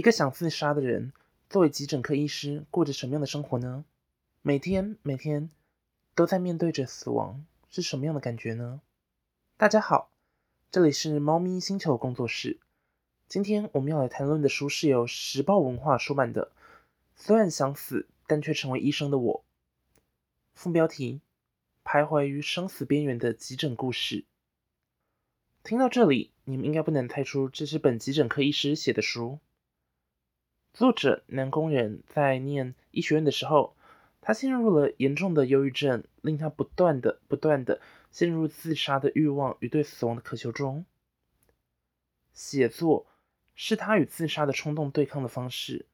一個想自殺的人，作為急診科醫師過着什麼樣的生活呢？每天每天都在面對着死亡，是什麼樣的感覺呢？大家好，這裡是貓咪星球工作室。今天我們要來談論的書是由時報文化出版的《雖然想死，但卻成為醫生的我》。副標題：徘徊於生死邊緣的急診故事。聽到這裡，你們應該不難猜出這是本急診科醫師寫的書。作者南宮人，在念醫學院的時候，他陷入了嚴重的憂鬱症，令他不斷的、不斷的陷入自殺的欲望與對死亡的渴求中。寫作是他與自殺的衝動對抗的方式。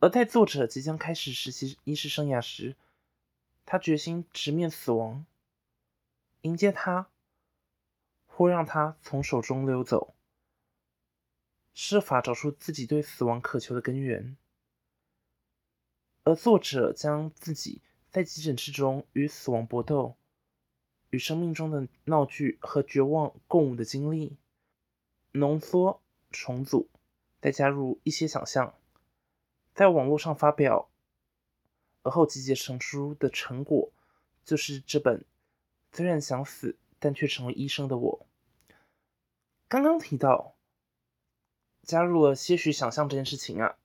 而在作者即將開始實習醫師生涯時，他決心直面死亡，迎接他，或讓他從手中溜走。設法找出自己對死亡渴求的根源，而作者將自己在急診室中與死亡搏鬥、與生命中的鬧劇和絕望共舞的經歷濃縮、重組，再加入一些想象，在網絡上發表，而後集結成書的成果，就是這本《雖然想死，但卻成為醫生的我》。剛剛提到。加入了些許想象，這件事情啊，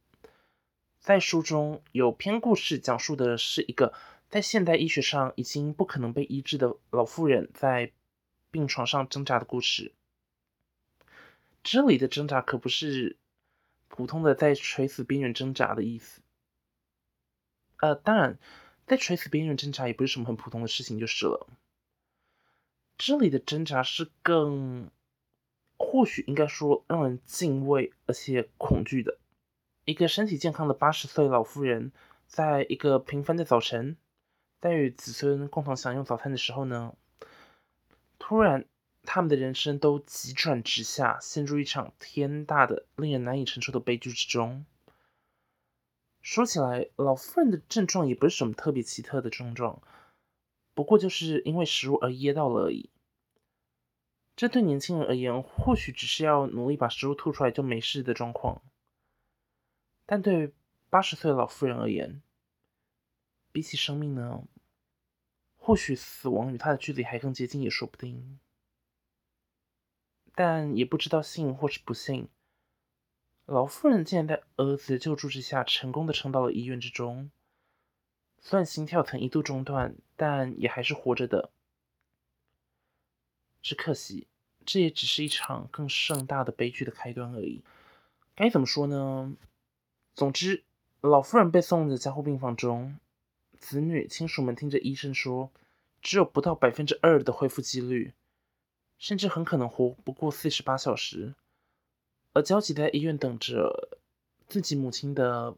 在書中有篇故事講述的是一個在現代醫學上已經不可能被醫治的老婦人在病床上掙扎的故事。這裡的掙扎可不是普通的在垂死邊緣掙扎的意思。呃，當然，在垂死邊緣掙扎也不是什麼很普通的事情，就是了。這裡的掙扎是更。或許應該說，讓人敬畏而且恐懼的，一個身體健康的八十歲老婦人，在一個平凡的早晨，在與子孫共同享用早餐的時候呢，突然，他們的人生都急轉直下，陷入一場天大的、令人難以承受的悲劇之中。說起來，老婦人的症狀也不是什麼特別奇特的症狀，不過就是因為食物而噎到了而已。這對年輕人而言，或許只是要努力把食物吐出來就沒事的狀況；但對八十歲的老婦人而言，比起生命呢，或許死亡與她的距離還更接近也說不定。但也不知道幸或是不幸，老婦人竟然在兒子的救助之下，成功的撐到了醫院之中。雖然心跳曾一度中斷，但也還是活着的。是可惜，這也只是一場更盛大的悲劇的開端而已。該怎麼說呢？總之，老婦人被送入加護病房中，子女親屬們聽着醫生說，只有不到百分之二的恢復幾率，甚至很可能活不過四十八小時，而焦急在醫院等着自己母親的，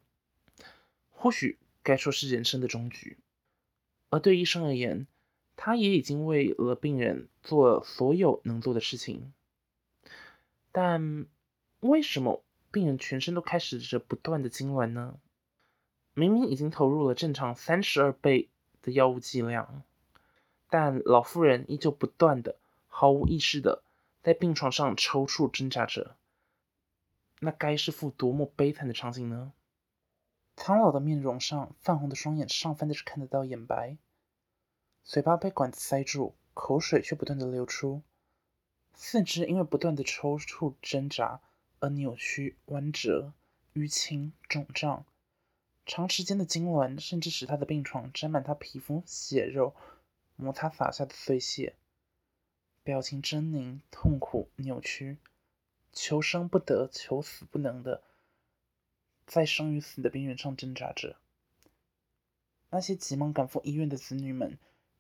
或許該說是人生的終局。而對醫生而言，他也已經為了病人做了所有能做的事情，但為什麼病人全身都開始着不斷的痙攣呢？明明已經投入了正常三十二倍的藥物劑量，但老婦人依舊不斷的毫無意識的在病床上抽搐掙扎着。那該是副多麼悲慘的場景呢？蒼老的面容上，泛紅的雙眼上翻的是看得到眼白。嘴巴被管子塞住，口水卻不斷的流出，四肢因為不斷的抽搐掙扎而扭曲彎折、淤青腫脹，長時間的痙攣甚至使他的病床沾滿他皮膚血肉摩擦灑下的碎屑，表情猙獰、痛苦扭曲，求生不得、求死不能的，在生與死的邊緣上掙扎着。那些急忙趕赴醫院的子女們。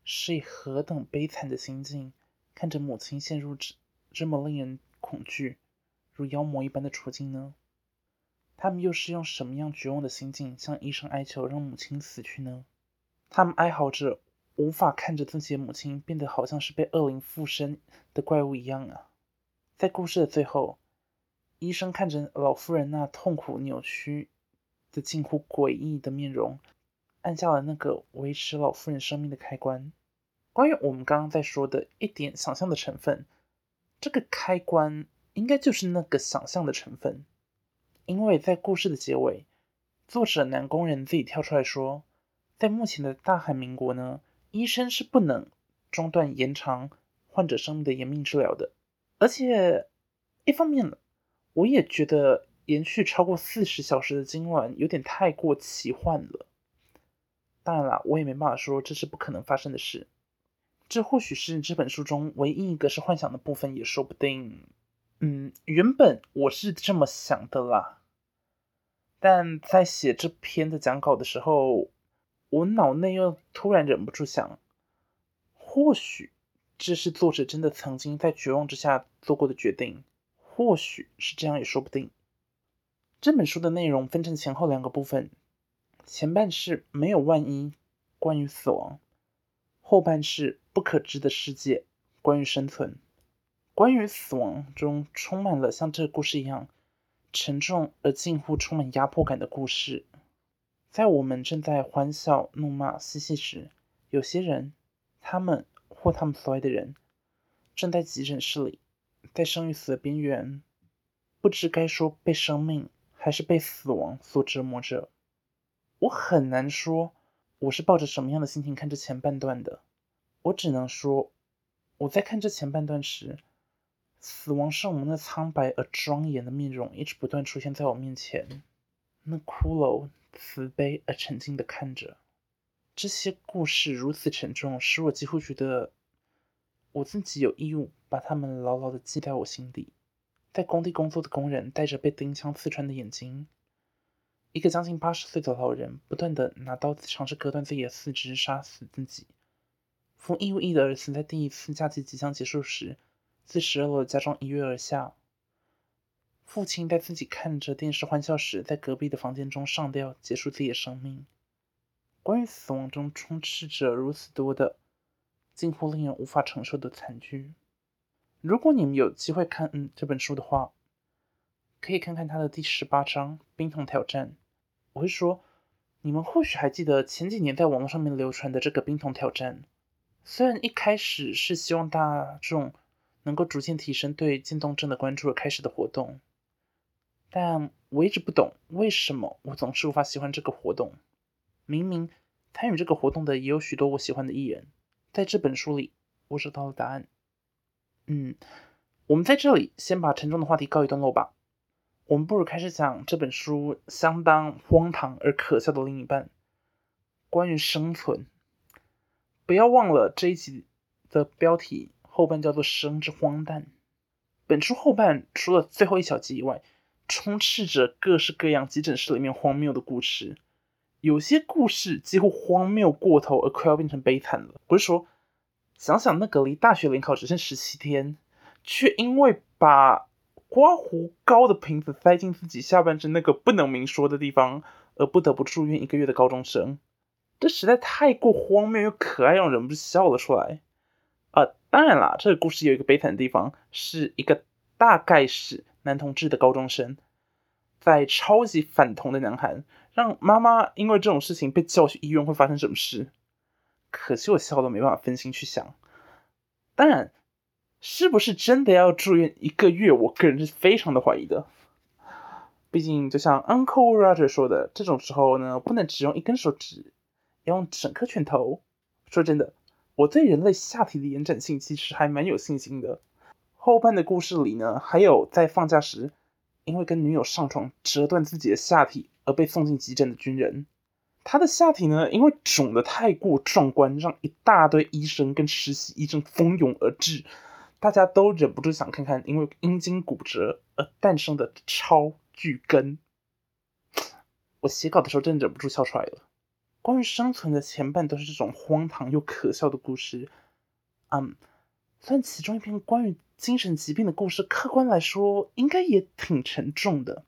是以何等悲慘的心境，看着母親陷入這這麼令人恐懼、如妖魔一般的處境呢？他們又是用什麼樣絕望的心境向醫生哀求讓母親死去呢？他們哀嚎着，無法看着自己的母親變得好像是被惡靈附身的怪物一樣啊！在故事的最後，醫生看着老婦人那痛苦扭曲的近乎詭異的面容。按下了那個維持老婦人生命的開關。關於我們剛剛在說的一點想象的成分，這個開關應該就是那個想象的成分，因為在故事的結尾，作者南宮仁自己跳出來說，在目前的大韓民國呢，醫生是不能中斷延長患者生命的延命治療的。而且，一方面呢，我也覺得延續超過四十小時的痙攣有點太過奇幻了。當然了，我也沒辦法說這是不可能發生的事。這或許是這本書中唯一一個是幻想的部分，也說不定。嗯，原本我是這麼想的啦。但在寫這篇的講稿的時候，我腦內又突然忍不住想：或許這是作者真的曾經在絕望之下做過的決定，或許是這樣也說不定。這本書的內容分成前後兩個部分。前半是沒有萬一，關於死亡；後半是不可知的世界，關於生存。關於死亡中充滿了像這個故事一樣沉重而近乎充滿壓迫感的故事。在我們正在歡笑、怒罵、嬉戲時，有些人，他們或他們所愛的人，正在急診室裡，在生與死的邊緣，不知該說被生命還是被死亡所折磨着。我很難說我是抱着什麼樣的心情看這前半段的，我只能說，我在看這前半段時，死亡聖母那蒼白而莊嚴的面容一直不斷出現在我面前，那骷髏慈悲而沉靜的看着，這些故事如此沉重，使我幾乎覺得我自己有義務把他們牢牢的記在我心裡。在工地工作的工人，帶着被釘槍刺穿的眼睛。一個將近八十歲的老人，不斷的拿刀子嘗試割斷自己的四肢，殺死自己。馮一武的兒子在第一次假期即將結束時，自十二樓的家中一躍而下。父親在自己看着電視歡笑時，在隔壁的房間中上吊，結束自己的生命。關於死亡中充斥着如此多的，近乎令人無法承受的慘劇。如果你們有機會看嗯這本書的話，可以看看他的第十八章《冰桶挑戰》。我會說，你們或許還記得前幾年在網絡上面流傳的這個冰桶挑戰。雖然一開始是希望大眾能夠逐漸提升對漸凍症的關注而開始的活動，但我一直不懂為什麼我總是無法喜歡這個活動。明明參與這個活動的也有許多我喜歡的藝人。在這本書裡，我找到了答案。嗯，我們在這裡先把沉重的話題告一段落吧。我們不如開始講這本書相當荒唐，而可笑的另一半，關於生存。不要忘了這一集的標題後半叫做“生之荒誕”。本書後半除了最後一小集以外，充斥着各式各樣急診室裡面荒謬的故事。有些故事幾乎荒謬過頭，而快要變成悲慘了。不是說，想想那個離大學聯考只剩十七天，卻因為把。刮鬍膏的瓶子塞進自己下半身那個不能明說的地方，而不得不住院一個月的高中生，這實在太過荒謬又可愛，讓人不笑了出來。啊、呃，當然啦，這個故事有一個悲慘的地方，是一個大概是男同志的高中生，在超級反同的南韓，讓媽媽因為這種事情被叫去醫院會發生什麼事？可惜我笑都沒辦法分心去想。當然，是不是真的要住院一個月？我個人是非常的懷疑的。畢竟，就像 Uncle Roger 說的，這種時候呢，不能只用一根手指，要用整顆拳頭。說真的，我對人類下體的延展性其實還蠻有信心的。後半的故事裡呢，還有在放假時因為跟女友上床折斷自己的下體而被送進急診的軍人，他的下體呢，因為腫得太過壯觀，讓一大堆醫生跟實習醫生蜂擁而至。大家都忍不住想看看，因為陰莖骨折而誕生的超巨根。我寫稿的時候真的忍不住笑出來了。關於生存的前半都是這種荒唐又可笑的故事，嗯，算其中一篇關於精神疾病的故事，客觀來說應該也挺沉重的。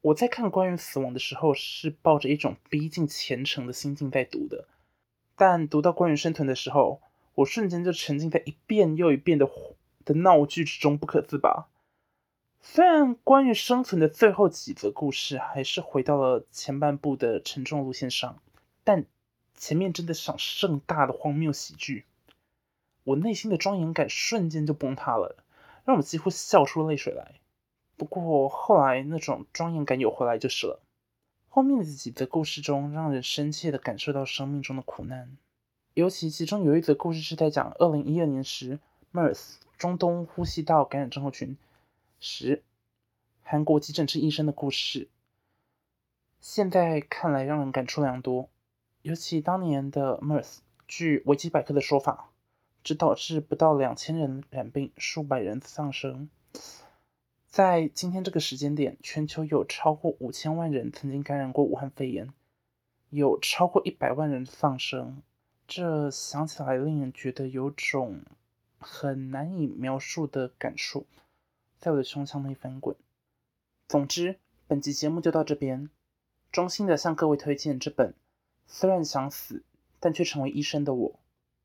我在看關於死亡的時候是抱着一種逼近虔誠的心境在讀的，但讀到關於生存的時候。我瞬間就沉浸在一遍又一遍的的鬧劇之中，不可自拔。雖然關於生存的最後幾則故事還是回到了前半部的沉重路線上，但前面真的像盛大的荒謬喜劇，我內心的莊嚴感瞬間就崩塌了，讓我幾乎笑出淚水來。不過後來那種莊嚴感有回來就是了。後面的幾則故事中，讓人深切的感受到生命中的苦難。尤其其中有一則故事是在講二零一二年時，MERS 中東呼吸道感染症候群時，韓國急診科醫生的故事，現在看來讓人感觸良多。尤其當年的 MERS，據維基百科的說法，只導致不到兩千人染病，數百人喪生。在今天這個時間點，全球有超過五千萬人曾經感染過武漢肺炎，有超過一百萬人喪生。這想起來令人覺得有種很難以描述的感受，在我的胸腔內翻滾。總之，本集節目就到這邊，衷心的向各位推薦這本《雖然想死，但卻成為醫生的我》。